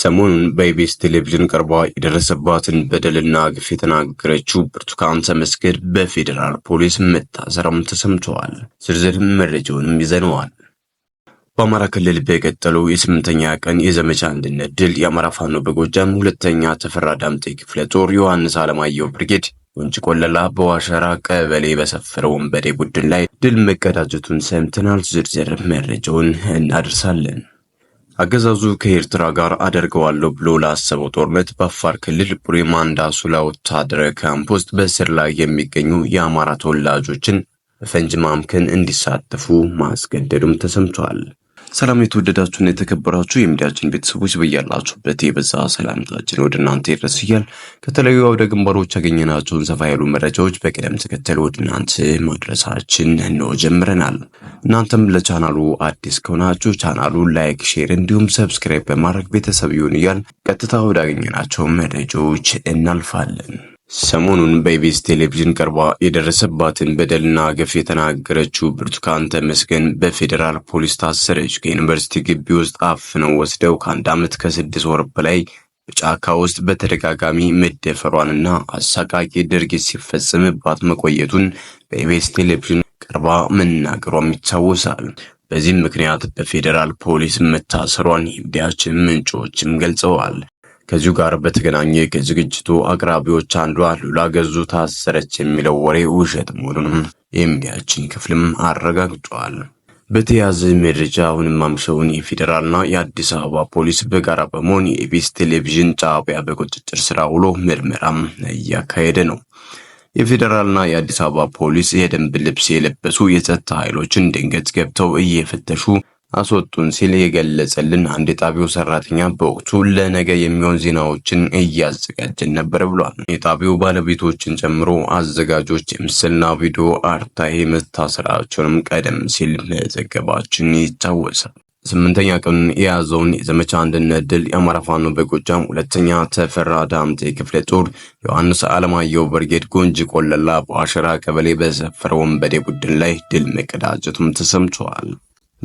ሰሞኑን በኢቢኤስ ቴሌቪዥን ቀርባ የደረሰባትን በደልና ግፍ የተናገረችው ብርቱካን ተመስገን በፌዴራል ፖሊስ መታሰሯም ተሰምተዋል። ዝርዝር መረጃውንም ይዘነዋል። በአማራ ክልል በቀጠለው የስምንተኛ ቀን የዘመቻ አንድነት ድል የአማራ ፋኖ በጎጃም ሁለተኛ ተፈራ ዳምጤ ክፍለ ጦር ዮሐንስ አለማየሁ ብርጌድ ወንጭ ቆለላ በዋሸራ ቀበሌ በሰፈረ ወንበዴ ቡድን ላይ ድል መቀዳጀቱን ሰምተናል። ዝርዝር መረጃውን እናደርሳለን። አገዛዙ ከኤርትራ ጋር አደርገዋለሁ ብሎ ላሰበው ጦርነት በአፋር ክልል ቡሬማንዳ ሱላ ወታደረ ካምፕ ውስጥ በእስር ላይ የሚገኙ የአማራ ተወላጆችን በፈንጅ ማምከን እንዲሳተፉ ማስገደዱም ተሰምቷል። ሰላም የተወደዳችሁና የተከበራችሁ የሚዲያችን ቤተሰቦች በያላችሁበት የበዛ ሰላምታችን ወደ እናንተ ይድረስ እያል ከተለያዩ አውደ ግንባሮች ያገኘናቸውን ሰፋ ያሉ መረጃዎች በቅደም ተከተል ወደ እናንተ ማድረሳችን እንሆ ጀምረናል። እናንተም ለቻናሉ አዲስ ከሆናችሁ ቻናሉ ላይክ፣ ሼር እንዲሁም ሰብስክራይብ በማድረግ ቤተሰብ ይሁን እያል ቀጥታ ወዳገኘናቸው መረጃዎች እናልፋለን። ሰሞኑን በኢቢኤስ ቴሌቪዥን ቀርባ የደረሰባትን በደልና ግፍ የተናገረችው ብርቱካን ተመስገን በፌዴራል ፖሊስ ታሰረች። ከዩኒቨርሲቲ ግቢ ውስጥ አፍነው ወስደው ከአንድ ዓመት ከስድስት ወር በላይ በጫካ ውስጥ በተደጋጋሚ መደፈሯንና አሳቃቂ ድርጊት ሲፈጸምባት መቆየቱን በኢቢኤስ ቴሌቪዥን ቀርባ መናገሯም ይታወሳል። በዚህም ምክንያት በፌዴራል ፖሊስ መታሰሯን የሚዲያችን ምንጮችም ገልጸዋል። ከዚሁ ጋር በተገናኘ ከዝግጅቱ አቅራቢዎች አንዷ ሉላ ገዙ ታሰረች የሚለው ወሬ ውሸት መሆኑንም የሚዲያችን ክፍልም አረጋግጧል። በተያዘ መረጃ አሁንም ማምሸውን የፌዴራልና የአዲስ አበባ ፖሊስ በጋራ በመሆን የኢቢኤስ ቴሌቪዥን ጣቢያ በቁጥጥር ስራ ውሎ ምርመራም እያካሄደ ነው። የፌዴራልና የአዲስ አበባ ፖሊስ የደንብ ልብስ የለበሱ የጸጥታ ኃይሎችን ድንገት ገብተው እየፈተሹ አስወጡን ሲል የገለጸልን አንድ የጣቢያው ሰራተኛ በወቅቱ ለነገ የሚሆን ዜናዎችን እያዘጋጀን ነበር ብሏል። የጣቢያው ባለቤቶችን ጨምሮ አዘጋጆች የምስልና ቪዲዮ አርታሄ መታሰራቸውንም ቀደም ሲል መዘገባችን ይታወሳል። ስምንተኛ ቀኑን የያዘውን የዘመቻ አንድነት ድል የአማራ ፋኖ በጎጃም ሁለተኛ ተፈራ ዳምቴ ክፍለ ጦር ዮሐንስ አለማየሁ ብርጌድ ጎንጂ ቆለላ በአሸራ ቀበሌ በሰፈረ ወንበዴ ቡድን ላይ ድል መቀዳጀቱም ተሰምቷል።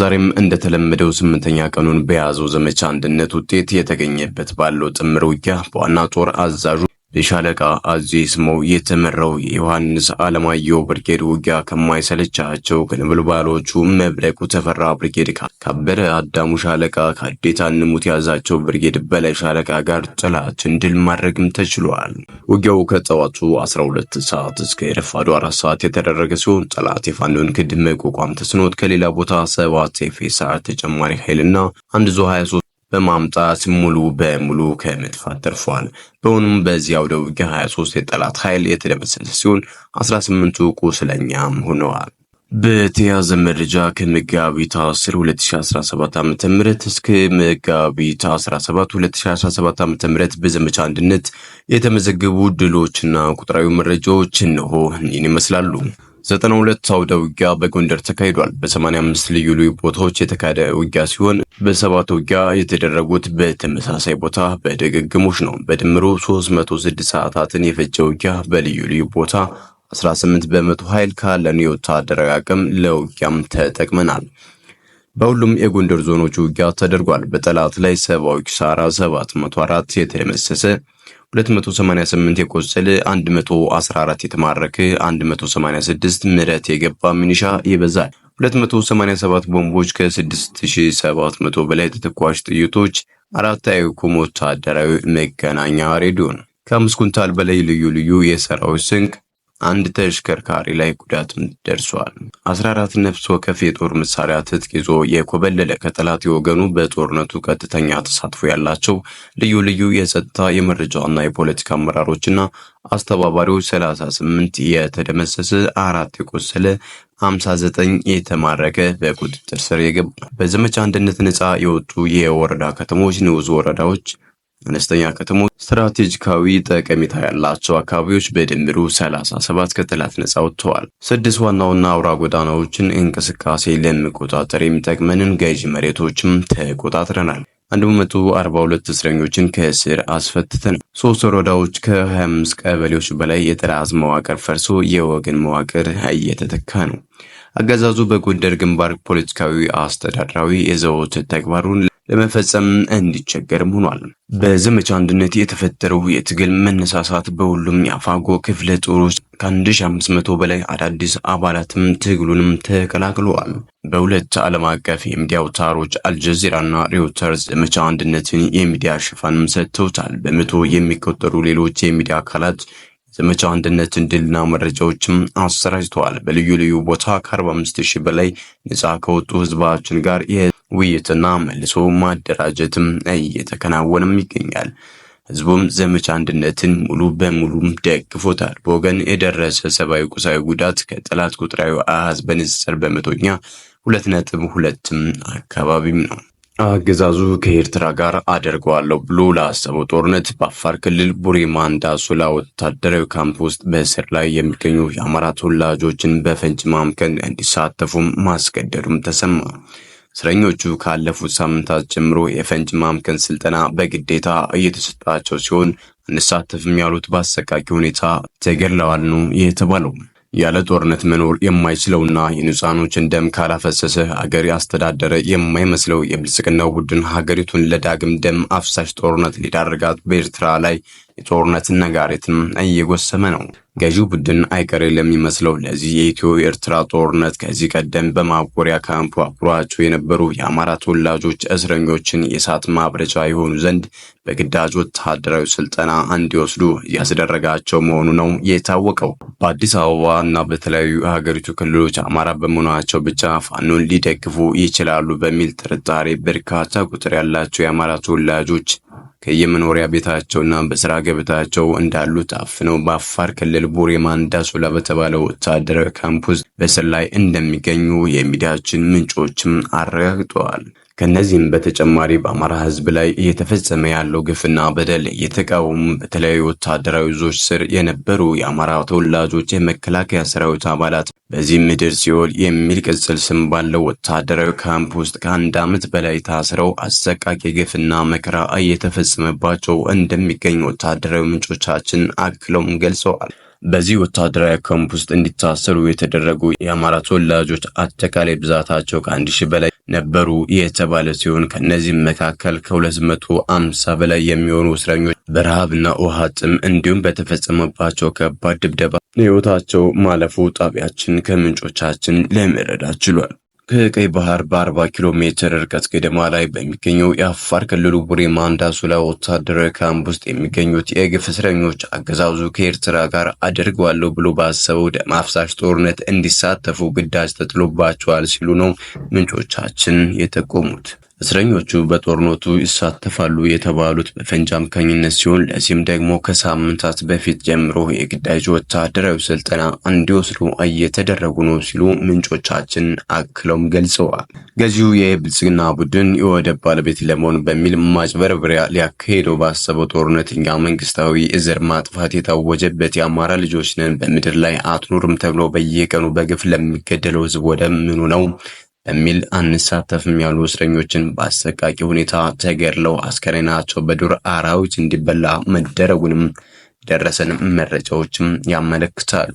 ዛሬም እንደተለመደው ስምንተኛ ቀኑን በያዘው ዘመቻ አንድነት ውጤት የተገኘበት ባለው ጥምር ውጊያ በዋና ጦር አዛዡ በሻለቃ አዜ ስሞ የተመራው የዮሐንስ አለማየሁ ብርጌድ ውጊያ ከማይሰለቻቸው ግንብልባሎቹ መብረቁ ተፈራ ብርጌድ፣ ካበረ አዳሙ ሻለቃ፣ ከአዴታ ንሙት ያዛቸው ብርጌድ፣ በላይ ሻለቃ ጋር ጥላት ድል ማድረግም ተችሏል። ውጊያው ከጠዋቱ 12 ሰዓት እስከ የረፋዱ አራት ሰዓት የተደረገ ሲሆን ጠላት የፋኖን ክድ መቋቋም ተስኖት ከሌላ ቦታ ሰባት ኤፌሳር ተጨማሪ ኃይልና አንድ ዙ 23 በማምጣት ሙሉ በሙሉ ከመጥፋት ተርፏል። በሆኑም በዚህ አውደ ውጊያ 23 የጠላት ኃይል የተደመሰሰ ሲሆን 18ቱ ቁስለኛም ሆነዋል። በተያዘ መረጃ ከመጋቢት 10 2017 ዓ.ም እስከ መጋቢት 17 2017 ዓ.ም በዘመቻ አንድነት የተመዘገቡ ድሎችና ቁጥራዊ መረጃዎች እነሆ ይህን ይመስላሉ። ዘጠና ሁለት አውደ ውጊያ በጎንደር ተካሂዷል። በሰማንያ አምስት ልዩ ልዩ ቦታዎች የተካሄደ ውጊያ ሲሆን በሰባት ውጊያ የተደረጉት በተመሳሳይ ቦታ በድግግሞች ነው። በድምሩ 306 ሰዓታትን የፈጀ ውጊያ በልዩ ልዩ ቦታ 18 በመቶ ኃይል ካለን የወታደራዊ አቅም ለውጊያም ተጠቅመናል። በሁሉም የጎንደር ዞኖች ውጊያ ተደርጓል። በጠላት ላይ ሰብአዊ ኪሳራ 704 የተደመሰሰ 288 የቆሰለ 114 የተማረከ 186 ምረት የገባ ሚኒሻ ይበዛል። 287 ቦምቦች ከ6700 በላይ ተተኳሽ ጥይቶች፣ አራት አይኩም ወታደራዊ መገናኛ ሬዲዮን ከአምስት ኩንታል በላይ ልዩ ልዩ የሰራዊት ስንቅ አንድ ተሽከርካሪ ላይ ጉዳትም ደርሷል። 14 ነፍስ ወከፍ የጦር መሳሪያ ትጥቅ ይዞ የኮበለለ ከጠላት የወገኑ በጦርነቱ ቀጥተኛ ተሳትፎ ያላቸው ልዩ ልዩ የጸጥታ የመረጃና የፖለቲካ አመራሮችና አስተባባሪዎች 38 የተደመሰሰ፣ አራት የቆሰለ 59 የተማረከ በቁጥጥር ስር የገባ በዘመቻ አንድነት ነፃ የወጡ የወረዳ ከተሞች ንዑስ ወረዳዎች አነስተኛ ከተሞች ስትራቴጂካዊ ጠቀሜታ ያላቸው አካባቢዎች በድምሩ 37 ከጠላት ነጻ ወጥተዋል። ስድስት ዋናውና አውራ ጎዳናዎችን እንቅስቃሴ ለመቆጣጠር የሚጠቅመንን ገዢ መሬቶችም ተቆጣጥረናል። 142 እስረኞችን ከእስር አስፈትተን ሶስት ወረዳዎች ከ25 ቀበሌዎች በላይ የጥራዝ መዋቅር ፈርሶ የወገን መዋቅር እየተተካ ነው። አገዛዙ በጎንደር ግንባር ፖለቲካዊ፣ አስተዳደራዊ የዘወት ተግባሩን ለመፈጸም እንዲቸገርም ሆኗል። በዘመቻ አንድነት የተፈጠረው የትግል መነሳሳት በሁሉም የአፋጎ ክፍለ ጦሮች ከ1500 በላይ አዳዲስ አባላትም ትግሉንም ተቀላቅለዋል። በሁለት ዓለም አቀፍ የሚዲያ አውታሮች አልጀዚራና ሪውተርስ ዘመቻ አንድነትን የሚዲያ ሽፋንም ሰጥተውታል። በመቶ የሚቆጠሩ ሌሎች የሚዲያ አካላት ዘመቻ አንድነትን ድልና መረጃዎችም አሰራጅተዋል። በልዩ ልዩ ቦታ ከ45 ሺህ በላይ ነጻ ከወጡ ህዝባችን ጋር ውይይትና መልሶ ማደራጀትም እየተከናወነም ይገኛል። ህዝቡም ዘመቻ አንድነትን ሙሉ በሙሉም ደግፎታል። በወገን የደረሰ ሰብአዊ፣ ቁሳዊ ጉዳት ከጠላት ቁጥራዊ አሃዝ በንጽጽር በመቶኛ ሁለት ነጥብ ሁለትም አካባቢም ነው። አገዛዙ ከኤርትራ ጋር አደርገዋለሁ ብሎ ላሰበው ጦርነት በአፋር ክልል ቡሬ ማንዳ ሱላ ወታደራዊ ካምፕ ውስጥ በእስር ላይ የሚገኙ የአማራ ተወላጆችን በፈንጅ ማምከን እንዲሳተፉም ማስገደዱም ተሰማ። እስረኞቹ ካለፉት ሳምንታት ጀምሮ የፈንጅ ማምከን ስልጠና በግዴታ እየተሰጣቸው ሲሆን እንሳተፍም ያሉት በአሰቃቂ ሁኔታ ተገድለዋል ነው የተባለው። ያለ ጦርነት መኖር የማይችለውና የንጹሃኖችን ደም ካላፈሰሰ አገር ያስተዳደረ የማይመስለው የብልጽግናው ቡድን ሀገሪቱን ለዳግም ደም አፍሳሽ ጦርነት ሊዳርጋት በኤርትራ ላይ የጦርነትን ነጋሪትም እየጎሰመ ነው። ገዢው ቡድን አይቀሬ ለሚመስለው ለዚህ የኢትዮ ኤርትራ ጦርነት ከዚህ ቀደም በማጎሪያ ካምፕ አጉሯቸው የነበሩ የአማራ ተወላጆች እስረኞችን የእሳት ማብረጃ የሆኑ ዘንድ በግዳጅ ወታደራዊ ስልጠና እንዲወስዱ እያስደረጋቸው መሆኑ ነው የታወቀው። በአዲስ አበባ እና በተለያዩ የሀገሪቱ ክልሎች አማራ በመሆናቸው ብቻ ፋኖን ሊደግፉ ይችላሉ በሚል ጥርጣሬ በርካታ ቁጥር ያላቸው የአማራ ተወላጆች ከየመኖሪያ ቤታቸውና በስራ ገበታቸው እንዳሉ ታፍነው በአፋር ክልል ቡሬ ማንዳሶላ በተባለ ወታደራዊ ካምፕ ውስጥ ላይ እንደሚገኙ የሚዲያችን ምንጮችም አረጋግጠዋል። ከነዚህም በተጨማሪ በአማራ ህዝብ ላይ እየተፈጸመ ያለው ግፍና በደል የተቃወሙ በተለያዩ ወታደራዊ ዞች ስር የነበሩ የአማራ ተወላጆች የመከላከያ ሰራዊት አባላት በዚህ ምድር ሲኦል የሚል ቅጽል ስም ባለው ወታደራዊ ካምፕ ውስጥ ከአንድ ዓመት በላይ ታስረው አሰቃቂ ግፍና መከራ እየተፈጸመባቸው እንደሚገኙ ወታደራዊ ምንጮቻችን አክለውም ገልጸዋል። በዚህ ወታደራዊ ካምፕ ውስጥ እንዲታሰሩ የተደረጉ የአማራ ተወላጆች አጠቃላይ ብዛታቸው ከአንድ ሺህ በላይ ነበሩ የተባለ ሲሆን ከእነዚህም መካከል ከሁለት መቶ አምሳ በላይ የሚሆኑ እስረኞች በረሃብና ውሃ ጥም እንዲሁም በተፈጸመባቸው ከባድ ድብደባ ሕይወታቸው ማለፉ ጣቢያችን ከምንጮቻችን ለመረዳት ችሏል። ከቀይ ባህር በ40 ኪሎ ሜትር ርቀት ገደማ ላይ በሚገኘው የአፋር ክልሉ ቡሬ ማንዳሱላ ወታደራዊ ካምፕ ውስጥ የሚገኙት የግፍ እስረኞች አገዛዙ ከኤርትራ ጋር አደርገዋለሁ ብሎ ባሰበው ደም አፍሳሽ ጦርነት እንዲሳተፉ ግዳጅ ተጥሎባቸዋል ሲሉ ነው ምንጮቻችን የጠቆሙት። እስረኞቹ በጦርነቱ ይሳተፋሉ የተባሉት በፈንጂ አምካኝነት ሲሆን ለዚህም ደግሞ ከሳምንታት በፊት ጀምሮ የግዳጅ ወታደራዊ ስልጠና እንዲወስዱ እየተደረጉ ነው ሲሉ ምንጮቻችን አክለውም ገልጸዋል። ገዢው የብልጽግና ቡድን የወደብ ባለቤት ለመሆን በሚል ማጭበርበሪያ ሊያካሄደው ባሰበው ጦርነት እኛ መንግስታዊ እዝር ማጥፋት የታወጀበት የአማራ ልጆች ነን በምድር ላይ አትኑርም ተብሎ በየቀኑ በግፍ ለሚገደለው ህዝብ ወደ ምኑ ነው በሚል አንሳተፍም ያሉ እስረኞችን በአሰቃቂ ሁኔታ ተገድለው አስከሬናቸው በዱር አራዊት እንዲበላ መደረጉንም ደረሰን መረጃዎችም ያመለክታሉ።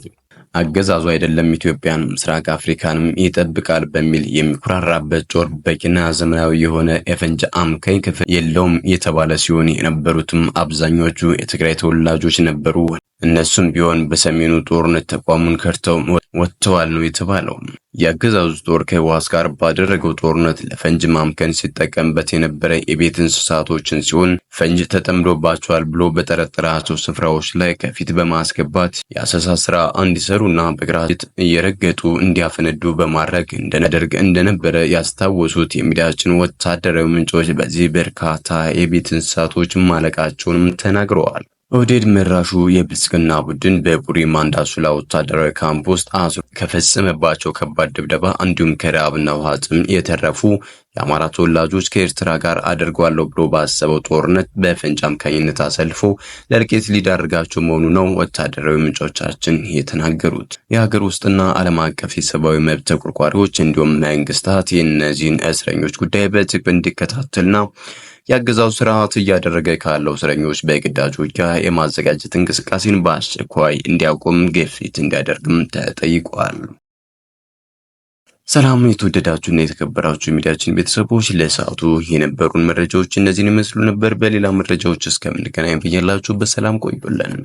አገዛዙ አይደለም ኢትዮጵያን ምስራቅ አፍሪካንም ይጠብቃል በሚል የሚኩራራበት ጦር በቂና ዘመናዊ የሆነ የፈንጂ አምካኝ ክፍል የለውም የተባለ ሲሆን የነበሩትም አብዛኞቹ የትግራይ ተወላጆች ነበሩ። እነሱም ቢሆን በሰሜኑ ጦርነት ተቋሙን ከድተው ወጥተዋል ነው የተባለው። የአገዛዙ ጦር ከህወሓት ጋር ባደረገው ጦርነት ለፈንጅ ማምከን ሲጠቀምበት የነበረ የቤት እንስሳቶችን ሲሆን ፈንጅ ተጠምዶባቸዋል ብሎ በጠረጠራቸው ስፍራዎች ላይ ከፊት በማስገባት የአሰሳ ስራ እንዲሰሩና በግራት እየረገጡ እንዲያፈነዱ በማድረግ እንደነደርግ እንደነበረ ያስታወሱት የሚዲያችን ወታደራዊ ምንጮች በዚህ በርካታ የቤት እንስሳቶች ማለቃቸውንም ተናግረዋል። ኦህዴድ መራሹ የብልጽግና ቡድን በቡሪ ማንዳሱላ ወታደራዊ ካምፕ ውስጥ አዙሮ ከፈጸመባቸው ከባድ ድብደባ እንዲሁም ከረሃብና ውሃ ጥም የተረፉ የአማራ ተወላጆች ከኤርትራ ጋር አደርጓለሁ ብሎ ባሰበው ጦርነት በፈንጂ አምካኝነት አሰልፎ ለእልቂት ሊዳርጋቸው መሆኑ ነው ወታደራዊ ምንጮቻችን የተናገሩት። የሀገር ውስጥና ዓለም አቀፍ የሰብአዊ መብት ተቆርቋሪዎች እንዲሁም መንግስታት የእነዚህን እስረኞች ጉዳይ በትኩረት እንዲከታተልና የአገዛዙ ስርዓት እያደረገ ካለው እስረኞች በግዳጅ ውጊያ የማዘጋጀት እንቅስቃሴን በአስቸኳይ እንዲያቆም ግፊት እንዲያደርግም ተጠይቋል። ሰላም የተወደዳችሁና የተከበራችሁ የሚዲያችን ቤተሰቦች ለሰዓቱ የነበሩን መረጃዎች እነዚህን ይመስሉ ነበር። በሌላ መረጃዎች እስከምንገናኝ ብያላችሁ በሰላም ቆዩልን።